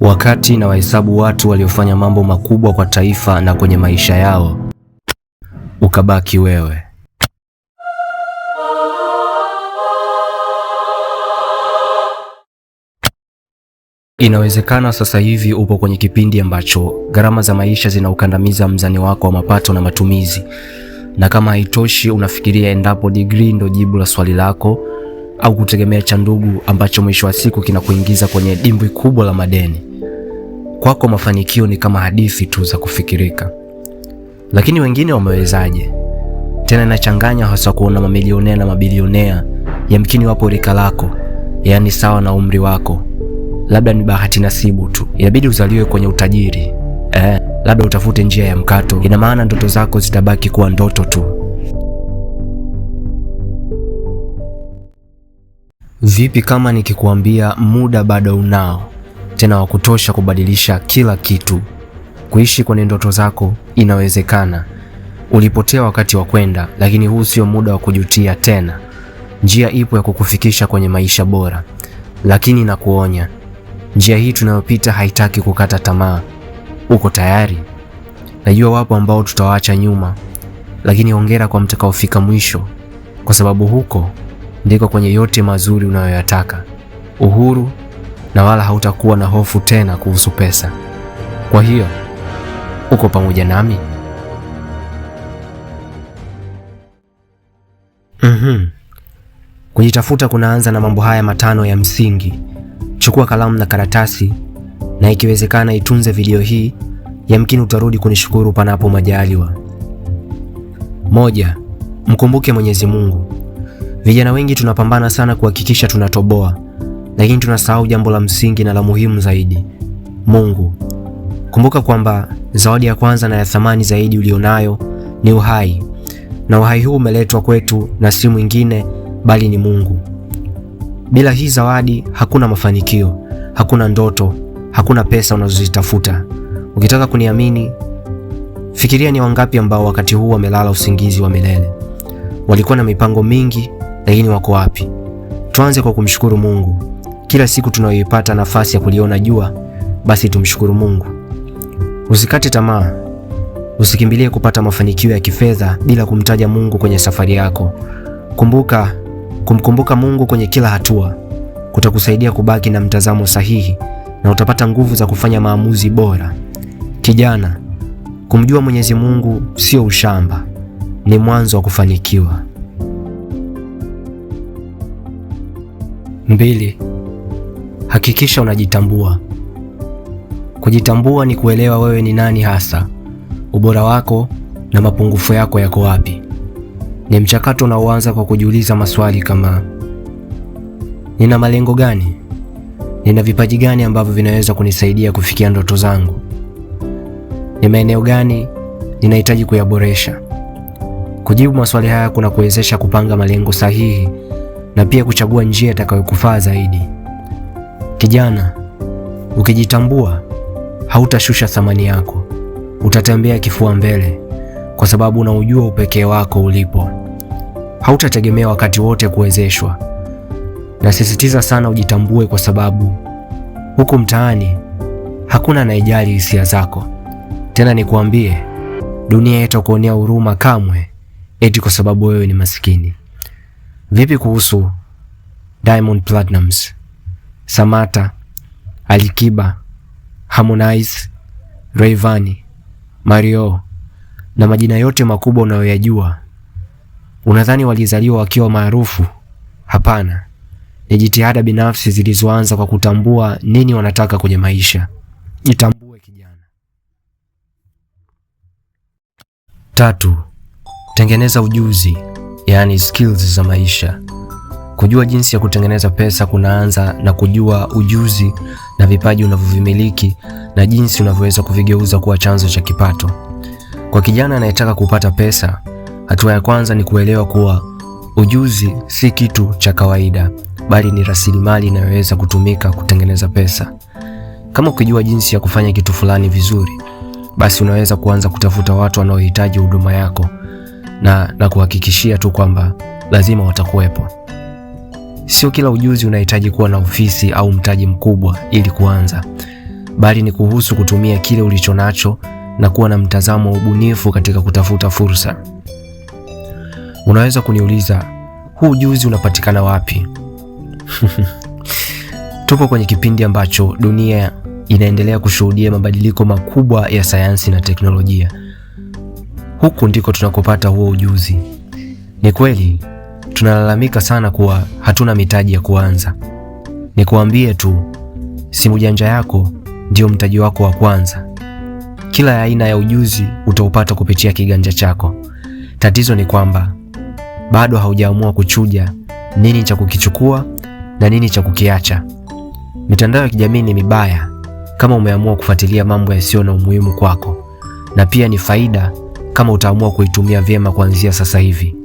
Wakati na wahesabu watu waliofanya mambo makubwa kwa taifa na kwenye maisha yao, ukabaki wewe. Inawezekana sasa hivi upo kwenye kipindi ambacho gharama za maisha zinaukandamiza mzani wako wa mapato na matumizi, na kama haitoshi, unafikiria endapo degree ndo jibu la swali lako au kutegemea cha ndugu ambacho mwisho wa siku kinakuingiza kwenye dimbwi kubwa la madeni. Kwako mafanikio ni kama hadithi tu za kufikirika, lakini wengine wamewezaje? Tena inachanganya hasa kuona mamilionea na mabilionea, yamkini wapo rika lako, yaani sawa na umri wako. Labda ni bahati nasibu tu, inabidi uzaliwe kwenye utajiri eh, labda utafute njia ya mkato. Ina maana ndoto zako zitabaki kuwa ndoto tu. Vipi kama nikikuambia muda bado unao, tena wa kutosha kubadilisha kila kitu? Kuishi kwenye ndoto zako inawezekana. Ulipotea wakati wa kwenda, lakini huu sio muda wa kujutia tena. Njia ipo ya kukufikisha kwenye maisha bora, lakini nakuonya, njia hii tunayopita haitaki kukata tamaa. Uko tayari? Najua wapo ambao tutawaacha nyuma, lakini hongera kwa mtakaofika mwisho, kwa sababu huko ndiko kwenye yote mazuri unayoyataka, uhuru, na wala hautakuwa na hofu tena kuhusu pesa. Kwa hiyo uko pamoja nami? mm -hmm. Kujitafuta kunaanza na mambo haya matano ya msingi. Chukua kalamu na karatasi, na ikiwezekana itunze video hii, yamkini utarudi kunishukuru panapo majaliwa. Moja, mkumbuke Mwenyezi Mungu. Vijana wengi tunapambana sana kuhakikisha tunatoboa, lakini tunasahau jambo la msingi na la muhimu zaidi, Mungu. Kumbuka kwamba zawadi ya kwanza na ya thamani zaidi ulionayo ni uhai, na uhai huu umeletwa kwetu na si mwingine bali ni Mungu. Bila hii zawadi hakuna mafanikio, hakuna ndoto, hakuna pesa unazozitafuta. Ukitaka kuniamini, fikiria ni wangapi ambao wakati huu wamelala usingizi wa milele. Walikuwa na mipango mingi lakini wako wapi? Tuanze kwa kumshukuru Mungu. Kila siku tunayoipata nafasi ya kuliona jua, basi tumshukuru Mungu. Usikate tamaa, usikimbilie kupata mafanikio ya kifedha bila kumtaja Mungu kwenye safari yako. Kumbuka kumkumbuka Mungu kwenye kila hatua kutakusaidia kubaki na mtazamo sahihi na utapata nguvu za kufanya maamuzi bora. Kijana, kumjua Mwenyezi Mungu sio ushamba, ni mwanzo wa kufanikiwa. Mbili, hakikisha unajitambua. Kujitambua ni kuelewa wewe ni nani hasa, ubora wako na mapungufu yako yako wapi. Ni mchakato unaoanza kwa kujiuliza maswali kama nina malengo gani? Nina vipaji gani ambavyo vinaweza kunisaidia kufikia ndoto zangu? Ni maeneo gani ninahitaji kuyaboresha? Kujibu maswali haya kuna kuwezesha kupanga malengo sahihi na pia kuchagua njia itakayokufaa zaidi. Kijana, ukijitambua hautashusha thamani yako, utatembea kifua mbele, kwa sababu unaujua upekee wako ulipo. Hautategemea wakati wote kuwezeshwa. Nasisitiza sana ujitambue, kwa sababu huku mtaani hakuna anayejali hisia zako. Tena nikuambie, dunia haitakuonea huruma kamwe, eti kwa sababu wewe ni masikini. Vipi kuhusu Diamond Platnumz, Samata, Alikiba, Harmonize, Rayvanny, Mario na majina yote makubwa unayoyajua? Unadhani walizaliwa wakiwa maarufu? Hapana, ni jitihada binafsi zilizoanza kwa kutambua nini wanataka kwenye maisha. Jitambue kijana. Tatu, tengeneza ujuzi yaani skills za maisha. Kujua jinsi ya kutengeneza pesa kunaanza na kujua ujuzi na vipaji unavyovimiliki na jinsi unavyoweza kuvigeuza kuwa chanzo cha kipato. Kwa kijana anayetaka kupata pesa, hatua ya kwanza ni kuelewa kuwa ujuzi si kitu cha kawaida, bali ni rasilimali inayoweza kutumika kutengeneza pesa. Kama ukijua jinsi ya kufanya kitu fulani vizuri, basi unaweza kuanza kutafuta watu wanaohitaji huduma yako na kuhakikishia tu kwamba lazima watakuwepo. Sio kila ujuzi unahitaji kuwa na ofisi au mtaji mkubwa ili kuanza, bali ni kuhusu kutumia kile ulicho nacho na kuwa na mtazamo wa ubunifu katika kutafuta fursa. Unaweza kuniuliza, huu ujuzi unapatikana wapi? Tuko kwenye kipindi ambacho dunia inaendelea kushuhudia mabadiliko makubwa ya sayansi na teknolojia. Huku ndiko tunakopata huo ujuzi. Ni kweli tunalalamika sana kuwa hatuna mitaji ya kuanza. Nikuambie tu, simu janja yako ndiyo mtaji wako wa kwanza. Kila aina ya ujuzi utaupata kupitia kiganja chako. Tatizo ni kwamba bado haujaamua kuchuja nini cha kukichukua na nini cha kukiacha. Mitandao ya kijamii ni mibaya kama umeamua kufuatilia mambo yasiyo na umuhimu kwako, na pia ni faida kama utaamua kuitumia vyema kuanzia sasa hivi,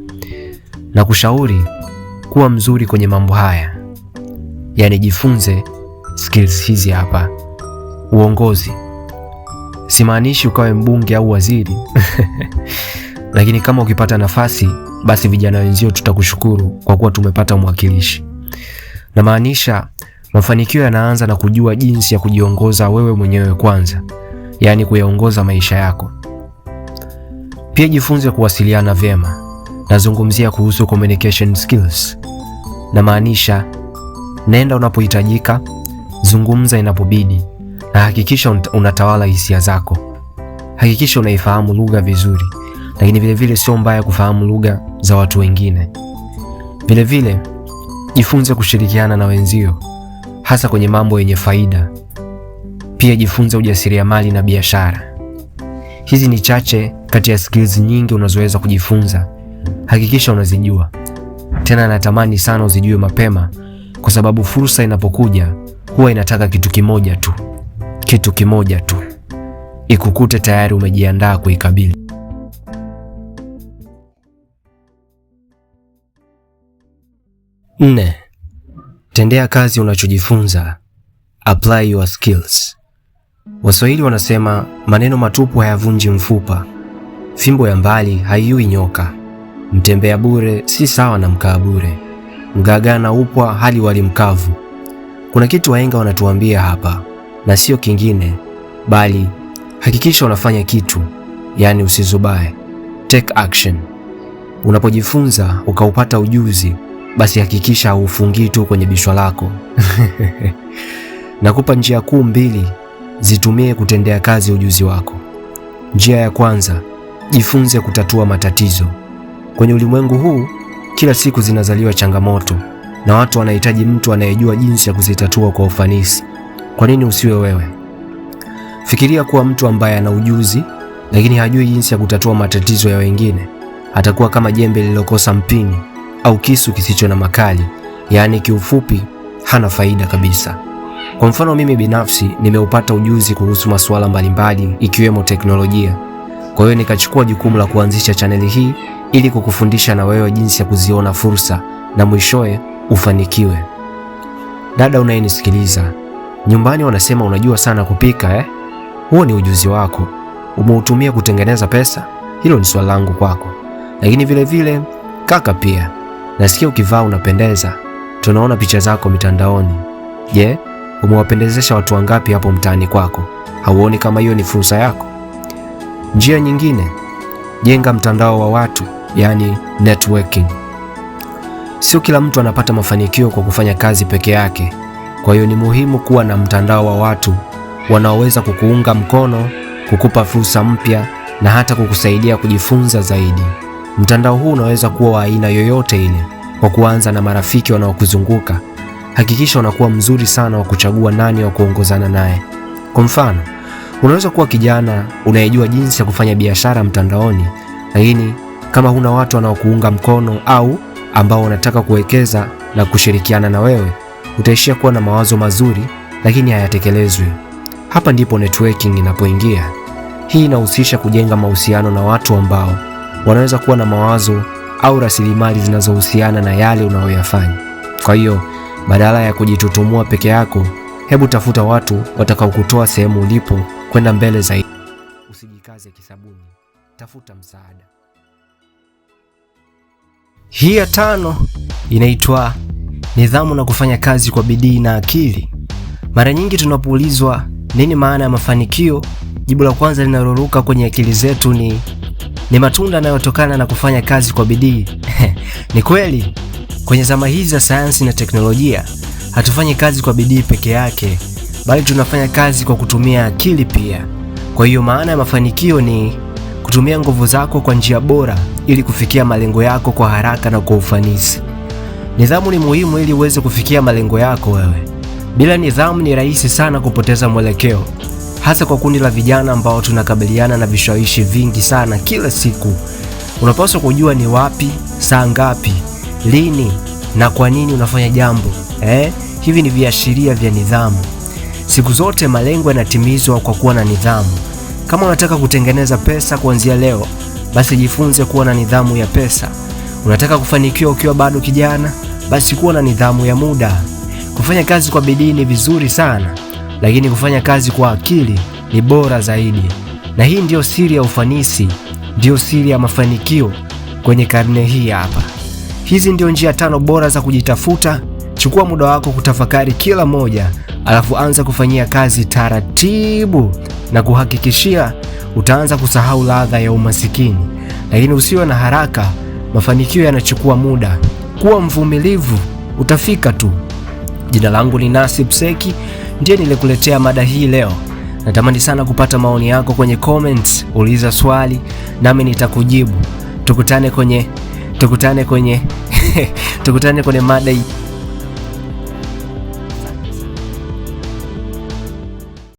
na kushauri kuwa mzuri kwenye mambo haya, yaani jifunze skills hizi hapa. Uongozi, simaanishi ukawe mbunge au waziri lakini kama ukipata nafasi, basi vijana wenzio tutakushukuru kwa kuwa tumepata mwakilishi. Na maanisha mafanikio yanaanza na kujua jinsi ya kujiongoza wewe mwenyewe kwanza, yaani kuyaongoza maisha yako. Pia jifunze kuwasiliana vyema. Nazungumzia kuhusu communication skills, na maanisha nenda unapohitajika, zungumza inapobidi, na hakikisha unatawala hisia zako. Hakikisha unaifahamu lugha vizuri, lakini vilevile sio mbaya kufahamu lugha za watu wengine. Vilevile jifunze kushirikiana na wenzio, hasa kwenye mambo yenye faida. Pia jifunze ujasiriamali na biashara. Hizi ni chache kati ya skills nyingi unazoweza kujifunza, hakikisha unazijua. Tena natamani sana uzijue mapema, kwa sababu fursa inapokuja huwa inataka kitu kimoja tu, kitu kimoja tu, ikukute tayari umejiandaa kuikabili. Nne, tendea kazi unachojifunza, apply your skills. Waswahili wanasema maneno matupu hayavunji mfupa. Fimbo ya mbali haiui nyoka. Mtembea bure si sawa na mkaa bure. Mgaagaa na upwa hali wali mkavu. Kuna kitu wahenga wanatuambia hapa, na sio kingine bali hakikisha unafanya kitu, yaani usizubae. Take action. Unapojifunza ukaupata ujuzi, basi hakikisha haufungii tu kwenye bishwa lako. Nakupa njia kuu mbili, zitumie kutendea kazi ujuzi wako. Njia ya kwanza jifunze kutatua matatizo. Kwenye ulimwengu huu kila siku zinazaliwa changamoto na watu wanahitaji mtu anayejua jinsi ya kuzitatua kwa ufanisi. Kwa nini usiwe wewe? Fikiria kuwa mtu ambaye ana ujuzi lakini hajui jinsi ya kutatua matatizo ya wengine. Atakuwa kama jembe lililokosa mpini au kisu kisicho na makali, yaani kiufupi, hana faida kabisa. Kwa mfano, mimi binafsi nimeupata ujuzi kuhusu masuala mbalimbali ikiwemo teknolojia kwa hiyo nikachukua jukumu la kuanzisha chaneli hii ili kukufundisha na wewe jinsi ya kuziona fursa na mwishowe ufanikiwe. Dada unayenisikiliza, nyumbani wanasema unajua sana kupika eh? Huo ni ujuzi wako, umeutumia kutengeneza pesa, hilo ni swali langu kwako. Lakini vile vile kaka, pia nasikia ukivaa unapendeza, tunaona picha zako mitandaoni. Je, yeah, umewapendezesha watu wangapi hapo mtaani kwako? Hauoni kama hiyo ni fursa yako? Njia nyingine, jenga mtandao wa watu, yani networking. Sio kila mtu anapata mafanikio kwa kufanya kazi peke yake, kwa hiyo ni muhimu kuwa na mtandao wa watu wanaoweza kukuunga mkono, kukupa fursa mpya na hata kukusaidia kujifunza zaidi. Mtandao huu unaweza kuwa wa aina yoyote ile. Kwa kuanza na marafiki wanaokuzunguka, hakikisha unakuwa mzuri sana wa kuchagua nani wa kuongozana naye. Kwa mfano Unaweza kuwa kijana unayejua jinsi ya kufanya biashara mtandaoni, lakini kama huna watu wanaokuunga mkono au ambao wanataka kuwekeza na kushirikiana na wewe, utaishia kuwa na mawazo mazuri lakini hayatekelezwi. Hapa ndipo networking inapoingia. Hii inahusisha kujenga mahusiano na watu ambao wanaweza kuwa na mawazo au rasilimali zinazohusiana na yale unayoyafanya. Kwa hiyo badala ya kujitutumua peke yako, hebu tafuta watu watakaokutoa sehemu ulipo kwenda mbele zaidi. Usijikaze kisabuni, tafuta msaada. Hii ya tano inaitwa nidhamu na kufanya kazi kwa bidii na akili. Mara nyingi tunapoulizwa nini maana ya mafanikio, jibu la kwanza linaloruka kwenye akili zetu ni ni matunda yanayotokana na kufanya kazi kwa bidii. Ni kweli, kwenye zama hizi za sayansi na teknolojia hatufanyi kazi kwa bidii peke yake, bali tunafanya kazi kwa kutumia akili pia. Kwa hiyo maana ya mafanikio ni kutumia nguvu zako kwa njia bora ili kufikia malengo yako kwa haraka na kwa ufanisi. Nidhamu ni muhimu ili uweze kufikia malengo yako wewe. Bila nidhamu ni rahisi sana kupoteza mwelekeo, hasa kwa kundi la vijana ambao tunakabiliana na vishawishi vingi sana kila siku. Unapaswa kujua ni wapi, saa ngapi, lini na kwa nini unafanya jambo eh? Hivi ni viashiria vya nidhamu. Siku zote malengo yanatimizwa kwa kuwa na nidhamu. Kama unataka kutengeneza pesa kuanzia leo, basi jifunze kuwa na nidhamu ya pesa. Unataka kufanikiwa ukiwa bado kijana, basi kuwa na nidhamu ya muda. Kufanya kazi kwa bidii ni vizuri sana, lakini kufanya kazi kwa akili ni bora zaidi. Na hii ndiyo siri ya ufanisi, ndiyo siri ya mafanikio kwenye karne hii hapa. Hizi ndio njia tano bora za kujitafuta Chukua muda wako kutafakari kila moja, alafu anza kufanyia kazi taratibu, na kuhakikishia utaanza kusahau ladha ya umasikini. Lakini usiwe na haraka, mafanikio yanachukua muda. Kuwa mvumilivu, utafika tu. Jina langu ni Nasib Seki, ndiye nilikuletea mada hii leo. Natamani sana kupata maoni yako kwenye comments. Uliza swali nami nitakujibu. Tukutane kwenye tukutane kwenye tukutane kwenye mada